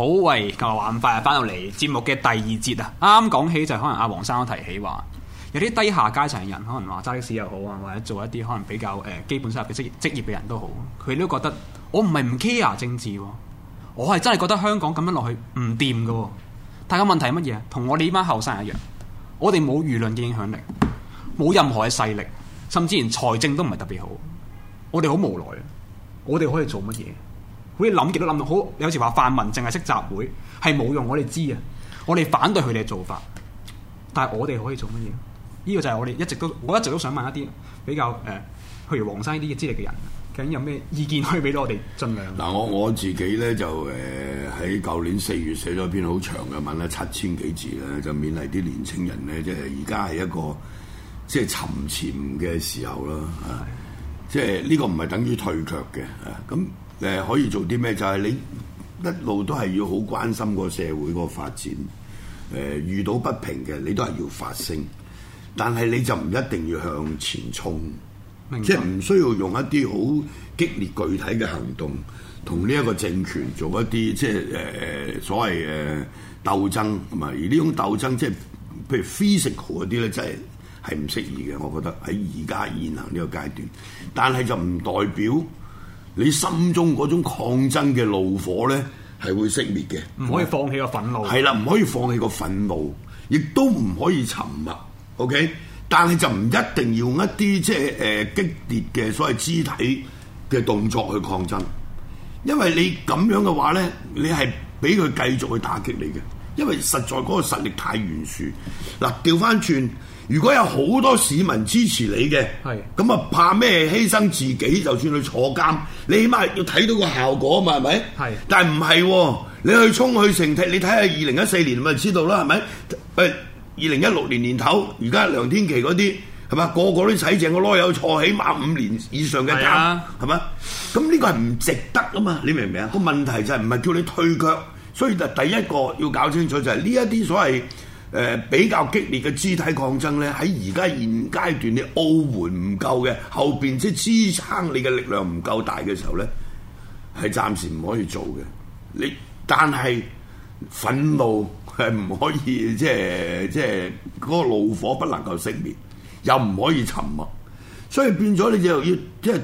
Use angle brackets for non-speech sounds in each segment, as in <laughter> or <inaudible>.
好為咁話唔快啊！翻到嚟節目嘅第二節啊，啱講起就可能阿黃生都提起話，有啲低下階層嘅人可能話揸的士又好啊，或者做一啲可能比較誒、呃、基本收入嘅職業職業嘅人都好，佢都覺得我唔係唔 care 政治喎，我係真係覺得香港咁樣落去唔掂噶喎。但係個問題係乜嘢？同我哋呢班後生一樣，我哋冇輿論嘅影響力，冇任何嘅勢力，甚至連財政都唔係特別好。我哋好無奈啊！我哋可以做乜嘢？嗰啲諗極都諗唔到，好有時話泛民淨係識集會係冇用我，我哋知啊，我哋反對佢哋做法，但係我哋可以做乜嘢？呢個就係我哋一直都，我一直都想問一啲比較誒，譬、呃、如黃生呢啲嘅之類嘅人，究竟有咩意見可以俾到我哋？盡量嗱，我我自己咧就誒喺舊年四月寫咗一篇好長嘅文咧，七千幾字咧，就勉勵啲年青人咧，即係而家係一個即係沉潛嘅時候啦，啊，即係呢、這個唔係等於退卻嘅咁。啊誒、呃、可以做啲咩？就係、是、你一路都係要好關心個社會個發展。誒、呃、遇到不平嘅，你都係要發聲。但係你就唔一定要向前衝，即係唔需要用一啲好激烈具體嘅行動，同呢一個政權做一啲即係誒所謂誒、呃、鬥爭。唔係，而呢種鬥爭，即、就、係、是、譬如 physical 嗰啲咧，真係係唔適宜嘅。我覺得喺而家現行呢個階段，但係就唔代表。你心中嗰種抗爭嘅怒火咧，係會熄滅嘅。唔可以放棄個憤怒。係啦，唔可以放棄個憤怒，亦都唔可以沉默。OK，但係就唔一定要用一啲即係誒、呃、激烈嘅所謂肢體嘅動作去抗爭，因為你咁樣嘅話咧，你係俾佢繼續去打擊你嘅。因為實在嗰個實力太懸殊，嗱，調翻轉，如果有好多市民支持你嘅，咁啊是怕咩犧牲自己，就算去坐監，你起碼要睇到個效果啊嘛，係咪？係是。但係唔係，你去衝去城，你睇下二零一四年咪知道啦，係咪？誒，二零一六年年頭，而家梁天琦嗰啲係咪？個個都洗淨個籮柚坐，起碼五年以上嘅監係咪？咁呢、啊、個係唔值得啊嘛，你明唔明啊？個問題就係唔係叫你退卻。所以就第一個要搞清楚，就係呢一啲所謂誒、呃、比較激烈嘅肢體抗爭咧，喺而家現階段你奧援唔夠嘅，後邊即支撐你嘅力量唔夠大嘅時候咧，係暫時唔可以做嘅。你但係憤怒係唔可以，即係即係嗰個怒火不能夠熄滅，又唔可以沉默，所以變咗你就要即係。即係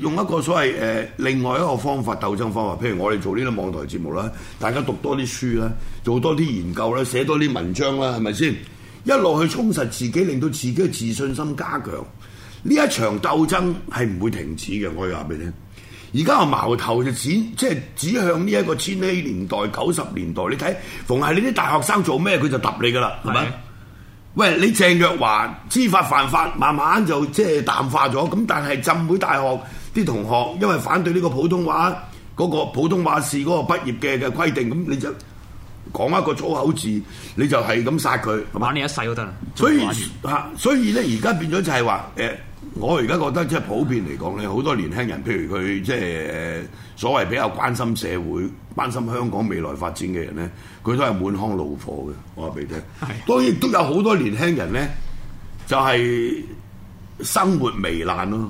用一個所謂誒、呃、另外一個方法，鬥爭方法，譬如我哋做呢啲網台節目啦，大家讀多啲書啦，做多啲研究啦，寫多啲文章啦，係咪先？一路去充實自己，令到自己嘅自信心加強。呢一場鬥爭係唔會停止嘅，我可以話俾你聽。而家個矛頭就指即係指向呢一個千禧年代、九十年代。你睇，逢係你啲大學生做咩，佢就揼你㗎喇，係咪的？喂，你鄭若驊知法犯法，慢慢就即係、就是、淡化咗。咁但係浸會大學，啲同學因為反對呢個普通話嗰個普通話試嗰個畢業嘅嘅規定，咁你就講一個粗口字，你就係咁殺佢，玩你一世都得啦。所以嚇，所以咧而家變咗就係話誒，我而家覺得即係普遍嚟講咧，好多年輕人，譬如佢即係所謂比較關心社會、關心香港未來發展嘅人咧，佢都係滿腔怒火嘅，我話俾你聽。係。當然都有好多年輕人咧，就係生活糜爛咯。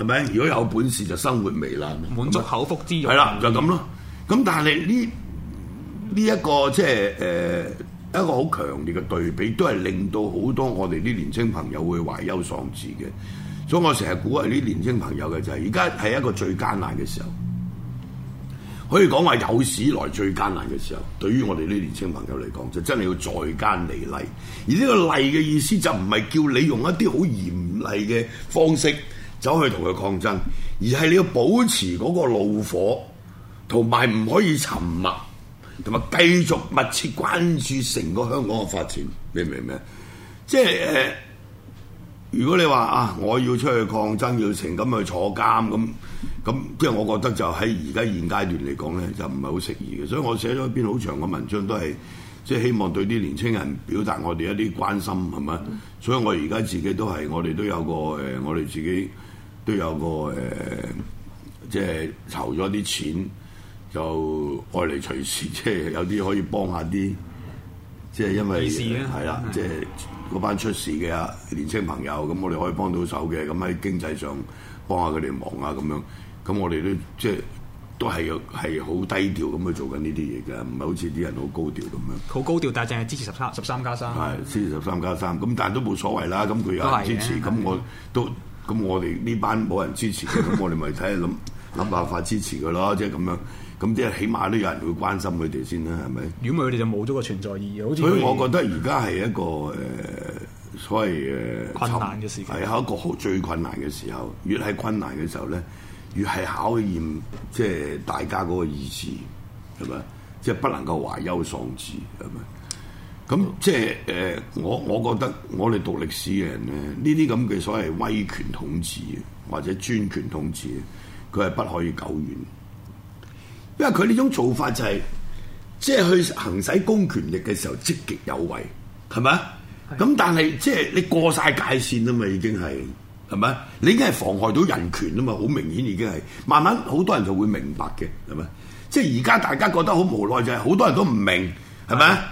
係咪？係咪如果有本事那就生活糜爛，滿足係咪口腹之欲係啦，就咁咯。咁但係呢呢一個即係誒一個好強烈嘅對比，都係令到好多我哋啲年青朋友會懷憂喪志嘅。所以，我成日估係啲年青朋友嘅就係而家係一個最艱難嘅時候，可以講話有史以來最艱難嘅時候。對於我哋啲年青朋友嚟講，就真係要在艱彌厲。而呢個厲嘅意思就唔係叫你用一啲好嚴厲嘅方式。走去同佢抗爭，而係你要保持嗰個怒火，同埋唔可以沉默，同埋繼續密切關注成個香港嘅發展，明唔明？即係、呃、如果你話啊，我要出去抗爭，要成咁去坐監咁咁，即係我覺得就喺而家現階段嚟講呢，就唔係好適宜嘅。所以我寫咗一篇好長嘅文章，都係即係希望對啲年青人表達我哋一啲關心，係咪？所以我而家自己都係我哋都有個誒、呃，我哋自己。都有個誒，即係籌咗啲錢，就愛嚟隨時，即係有啲可以幫下啲，即係因為係啦，即係嗰班出事嘅啊年輕朋友，咁我哋可以幫到手嘅，咁喺經濟上幫下佢哋忙啊，咁樣，咁我哋都即係都係係好低調咁去做緊呢啲嘢嘅，唔係好似啲人好高調咁樣。好高調，但係淨係支持十三十三加三，係支持十三加三，咁但係都冇所謂啦。咁佢又支持，咁我都。咁我哋呢班冇人支持嘅，咁 <laughs> 我哋咪睇下諗諗辦法支持佢咯，即係咁樣。咁即係起碼都有人會關心佢哋先啦，係咪？如果，佢哋就冇咗個存在意義，好似。所以，我覺得而家係一個誒、呃，所謂誒、呃、困難嘅時候，係一個好最困難嘅時候。越係困難嘅時候咧，越係考驗即係、就是、大家嗰個意志，係咪？即、就、係、是、不能夠懷憂喪志，係咪？咁即係誒，我我覺得我哋讀歷史嘅人咧，呢啲咁嘅所謂威權統治或者專權統治，佢係不可以久遠，因為佢呢種做法就係即係去行使公權力嘅時候積極有為，係咪？咁是的 但係即係你過晒界線啦嘛，已經係，係咪？你已經係妨害到人權啦嘛，好明顯已經係慢慢好多人就會明白嘅，係咪？即係而家大家覺得好無奈就係、是、好多人都唔明，係咪？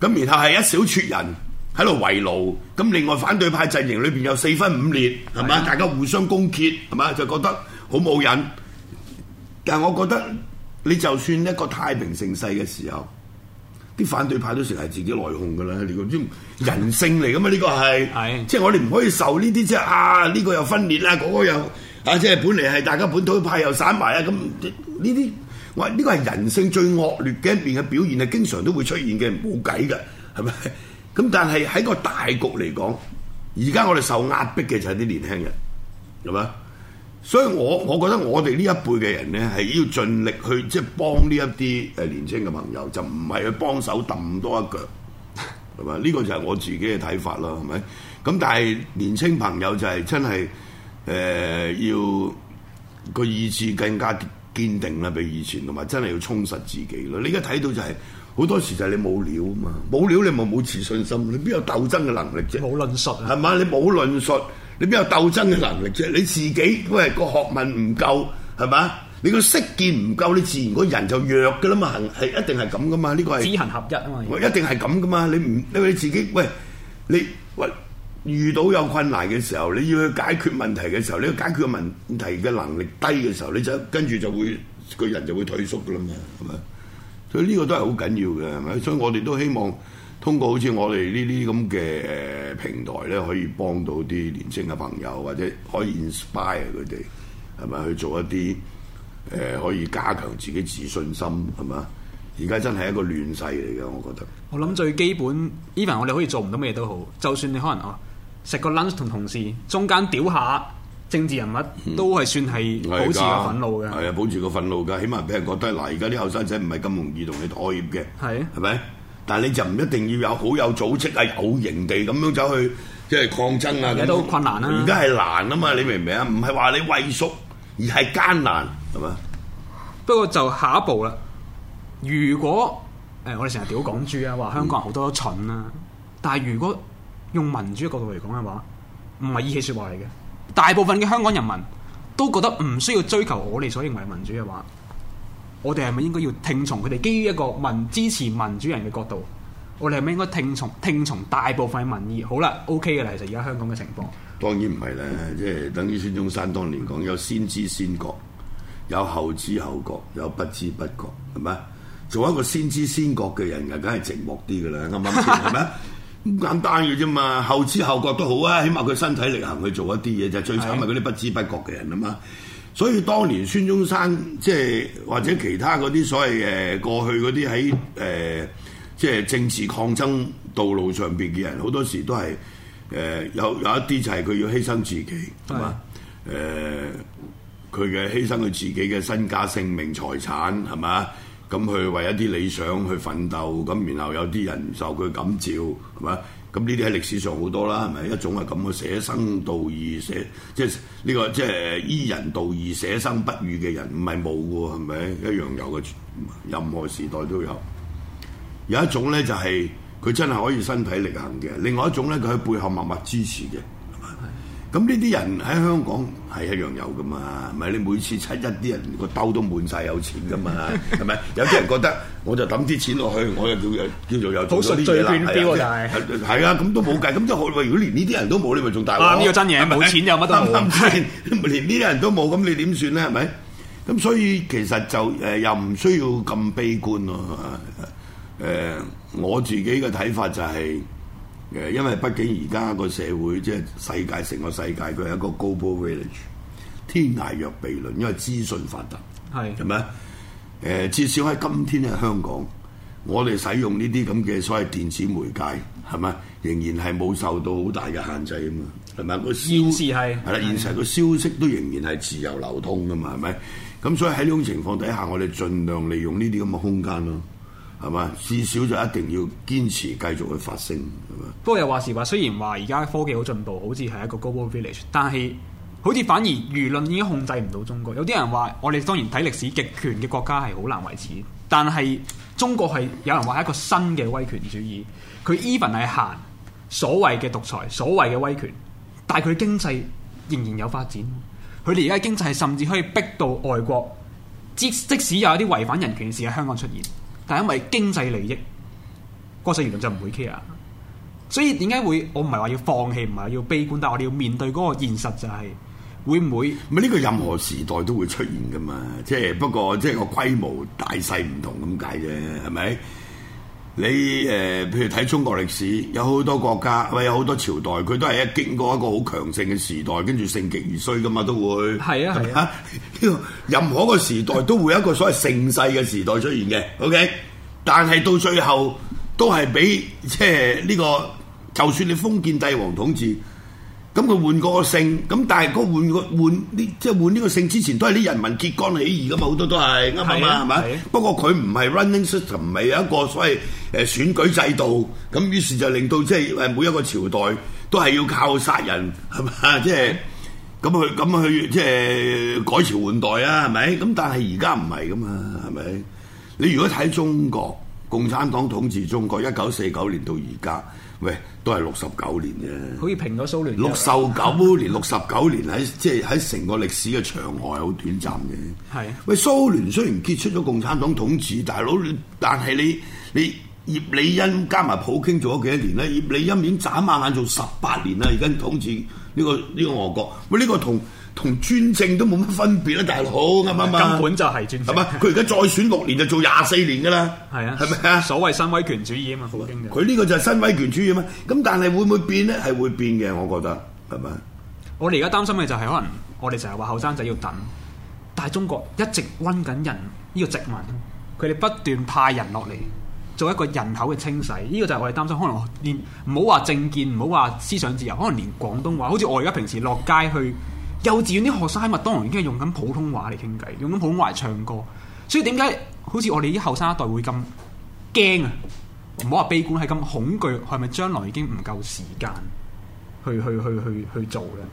咁然後係一小撮人喺度圍爐，咁另外反對派陣營裏邊又四分五裂，係嘛？ <noise> 大家互相攻訐，係嘛？就覺得好冇癮。但係我覺得你就算一個太平盛世嘅時候，啲反對派都成係自己內鬨㗎啦，你、這個啲人性嚟㗎嘛？呢、這個係，即係 <noise> 我哋唔可以受呢啲即係啊呢、這個又分裂啦，嗰、那個又啊即係本嚟係大家本土派又散埋啊咁呢啲。我呢個係人性最惡劣嘅一面嘅表現，係經常都會出現嘅，冇計㗎，係咪？咁但係喺個大局嚟講，而家我哋受壓迫嘅就係啲年輕人，係咪？所以我我覺得我哋呢一輩嘅人咧，係要盡力去即係幫呢一啲誒年青嘅朋友，就唔係去幫手揼多一腳，係咪？呢、這個就係我自己嘅睇法啦，係咪？咁但係年青朋友就係真係誒、呃、要個意志更加。堅定啦，比以前同埋真係要充實自己咯。你而家睇到就係、是、好多時就係你冇料啊嘛，冇料你咪冇自信心，你邊有鬥爭嘅能力啫？冇論述，係嘛？你冇論述，你邊有鬥爭嘅能力啫？你自己喂個學問唔夠係嘛？你個識見唔夠，你自然個人就弱㗎啦嘛，係一定係咁㗎嘛？呢、這個係知行合一啊嘛，一定係咁㗎嘛？你唔你為你自己喂你喂。你喂遇到有困難嘅時候，你要去解決問題嘅時候，你要解決問題嘅能力低嘅時候，你就跟住就會個人就會退縮㗎啦，係咪？所以呢個都係好緊要嘅，係咪？所以我哋都希望通過好似我哋呢啲咁嘅平台咧，可以幫到啲年輕嘅朋友，或者可以 inspire 佢哋，係咪去做一啲誒、呃、可以加強自己自信心，係咪？而家真係一個亂世嚟嘅，我覺得。我諗最基本，even 我哋可以做唔到咩都好，就算你可能啊。食個 lunch 同同事，中間屌下政治人物，都係算係保持個憤怒嘅。係啊，保持個憤怒㗎，起碼俾人覺得「嗱，而家啲後生仔唔係咁容易同你妥協嘅。係啊，係咪？但係你就唔一定要有好有組織啊、有型地咁樣走去即係抗爭啊。都困難啊。」而家係難啊嘛，你明唔明啊？唔係話你畏縮，而係艱難，係咪？不過就下一步啦。如果誒，我哋成日屌港豬啊，話香港人好多蠢啊。但係如果用民主嘅角度嚟講嘅話，唔係意氣説話嚟嘅。大部分嘅香港人民都覺得唔需要追求我哋所認為民主嘅話，我哋係咪應該要聽從佢哋？基於一個民支持民主人嘅角度，我哋係咪應該聽從聽從大部分民意？好啦，OK 嘅啦，其實而家香港嘅情況當然唔係啦，即係等於孫中山當年講有先知先覺，有後知後覺，有不知不覺，係咪？做一個先知先覺嘅人，梗係寂寞啲㗎啦，啱唔啱？係咪？ <laughs> 咁簡單嘅啫嘛，後知後覺都好啊，起碼佢身體力行去做一啲嘢，就最慘係嗰啲不知不覺嘅人啊嘛。所以當年孫中山即係或者其他嗰啲所謂誒過去嗰啲喺誒即係政治抗爭道路上邊嘅人，好多時都係誒、呃、有有一啲就係佢要犧牲自己係嘛誒，佢嘅的、呃、犧牲佢自己嘅身家性命財產係嘛。咁去為一啲理想去奮鬥，咁然後有啲人受佢感召，係咪？咁呢啲喺歷史上好多啦，係咪？一種係咁嘅寫生道義，寫即係呢個即係依人道義寫生不語嘅人，唔係冇嘅喎，係咪？一樣有嘅，任何時代都有。有一種呢，就係佢真係可以身體力行嘅，另外一種呢，佢喺背後默默支持嘅，係咪？咁呢啲人喺香港係一樣有噶嘛？唔係你每次七一啲人個兜都滿晒有錢噶嘛？係咪？ <noise> 有啲人覺得我就抌啲錢落去，我又叫又叫做有做啲嘢啦。係啊，咁都冇計。咁即係如果連呢啲人都冇，你咪仲大鑊。呢、啊、個真嘢，冇錢又乜都冇，連呢啲人都冇，咁你點算咧？係咪？咁所以其實就誒、呃呃、又唔需要咁悲觀咯。誒、呃呃、我自己嘅睇法就係、是。誒，因為畢竟而家個社會即係世界成個世界，佢係一個 global village 天涯若比鄰，因為資訊發達，係係咪？誒，至少喺今天喺香港，我哋使用呢啲咁嘅所謂電子媒介，係咪仍然係冇受到好大嘅限制啊嘛係咪個消息係啦，現實個消息都仍然係自由流通噶嘛，係咪？咁所以喺呢種情況底下，我哋盡量利用呢啲咁嘅空間咯。係嘛？至少就一定要堅持繼續去發聲。不過又話時話，雖然話而家科技好進步，好似係一個 global village，但係好似反而輿論已經控制唔到中國。有啲人話我哋當然睇歷史，極權嘅國家係好難維持。但係中國係有人話係一個新嘅威權主義，佢 even 係行所謂嘅獨裁、所謂嘅威權，但係佢經濟仍然有發展。佢哋而家經濟係甚至可以逼到外國，即即使有一啲違反人權嘅事喺香港出現。但係因為經濟利益，國際輿論就唔會 care，所以點解會？我唔係話要放棄，唔係話要悲觀，但係我哋要面對嗰個現實就係會唔會？唔係呢個任何時代都會出現噶嘛，即係不過即係個規模大細唔同咁解啫，係咪？你誒、呃，譬如睇中國歷史，有好多國家，喂，有好多朝代，佢都係一經過一個好強盛嘅時代，跟住盛極而衰㗎嘛，都會係啊係啊，吧 <laughs> 任何個時代都會有一個所謂盛世嘅時代出現嘅，OK，但係到最後都係俾即係呢個，就算你封建帝皇統治。咁佢換個姓，咁但係嗰換個換即係換呢個姓之前都係啲人民揭竿起義噶嘛，好多都係啱啊嘛，係咪？不過佢唔係 running system，唔係有一個所謂誒選舉制度，咁於是就令到即係每一個朝代都係要靠殺人係咪？即係咁去咁去即係、就是、改朝換代啊，係咪？咁但係而家唔係噶嘛，係咪？你如果睇中國，共產黨統治中國一九四九年到而家。喂，都係六十九年啫，好似平咗蘇聯。六十九年，六十九年喺即係喺成個歷史嘅長河，好短暫嘅。係的，喂，蘇聯雖然結束咗共產黨統治，大佬，但係你你葉利欣加埋普京做咗幾多年咧？葉利欣已經眨眼眼做十八年啦，而家統治呢個呢個俄國。喂，呢個同。同專政都冇乜分別啦，大佬咁啊，根本就係專政。係咪？佢而家再選六年就做廿四年噶啦，係啊，係咪啊？所謂新威權主義啊嘛，普京嘅。佢呢個就係新威權主義嘛。咁但係會唔會變咧？係會變嘅，我覺得係咪？我哋而家擔心嘅就係可能我哋成日話後生仔要等，但係中國一直溫緊人呢個殖民，佢哋不斷派人落嚟做一個人口嘅清洗。呢個就係我哋擔心，可能連唔好話政見，唔好話思想自由，可能連廣東話，好似我而家平時落街去。幼稚園啲學生喺麥當勞已經係用緊普通話嚟傾偈，用緊普通話嚟唱歌，所以點解好似我哋啲後生一代會咁驚啊？唔好話悲觀，係咁恐懼，係咪將來已經唔夠時間去去去去去做咧？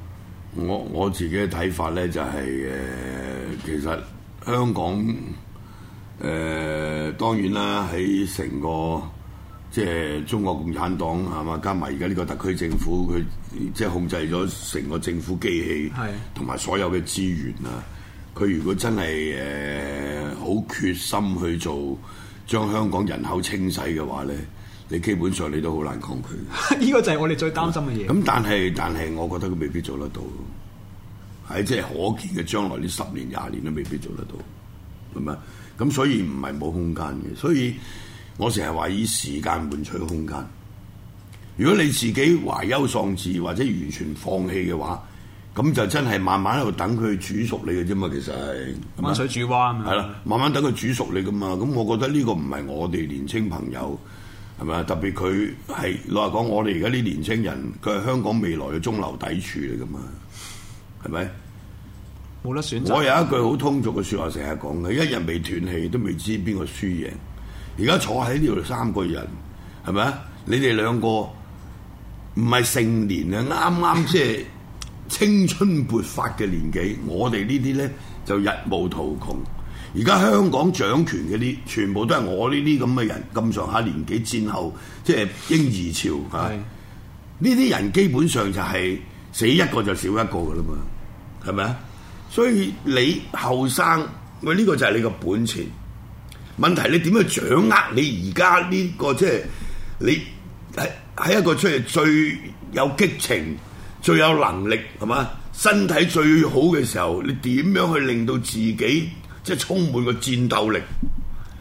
我我自己嘅睇法咧就係、是、誒、呃，其實香港誒、呃，當然啦，喺成個。即係中國共產黨係嘛，加埋而家呢個特區政府，佢即係控制咗成個政府機器，同埋係，所有嘅資源啊。佢如果真係誒好決心去做，將香港人口清洗嘅話咧，你基本上你都好難抗拒。呢個就係我哋最擔心嘅嘢。咁但係但係，我覺得佢未必做得到。喺即係可見嘅將來呢十年廿年都未必做得到。咁啊，咁所以唔係冇空間嘅，所以。我成日話以時間換取空間。如果你自己懷憂喪志或者完全放棄嘅話，咁就真係慢慢喺度等佢煮熟你嘅啫嘛。其實係，溫水煮蛙係啦，的的慢慢等佢煮熟你噶嘛。咁我覺得呢個唔係我哋年青朋友，係咪？特別佢係老實講，我哋而家啲年青人，佢係香港未來嘅中流砥柱嚟噶嘛，係咪？冇得選擇。我有一句好通俗嘅說話，成日講嘅，一日未斷氣，都未知邊個輸贏。而家坐喺呢度三個人，係咪啊？你哋兩個唔係成年啊，啱啱即係青春勃發嘅年紀，我哋呢啲咧就日暮途窮。而家香港掌權嘅啲全部都係我呢啲咁嘅人，咁上下年紀戰後即係嬰兒潮嚇。係，係，呢啲人基本上就係死一個就少一個噶啦嘛，係咪啊？所以你後生，喂，呢個就係你嘅本錢。問題，你點樣掌握你而家呢個即係、就是、你係喺一個出嚟最有激情、最有能力係嘛？身體最好嘅時候，你點樣去令到自己即係、就是、充滿個戰鬥力？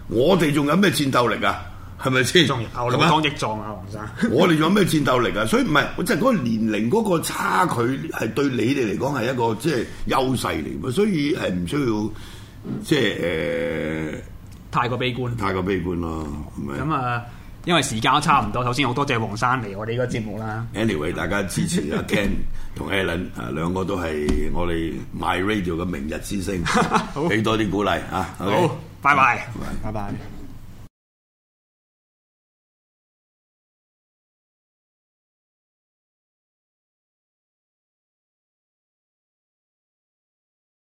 我哋仲有咩戰鬥力啊？係咪先？壯，老當益壯啊，黃生。 <laughs> 我哋仲有咩戰鬥力啊？所以唔係，我真係嗰個年齡嗰個差距係對你哋嚟講係一個即係、就是、優勢嚟，所以係唔需要即係誒。就是呃太過悲觀，太過悲觀咯，咁啊，因為時間都差唔多，首先好多謝黃生嚟我哋呢個節目啦。Anyway，大家支持阿 Ken 同 Allen 啊，兩個都係我哋 My Radio 嘅明日之星，俾多啲鼓勵嚇。好，拜拜，拜拜。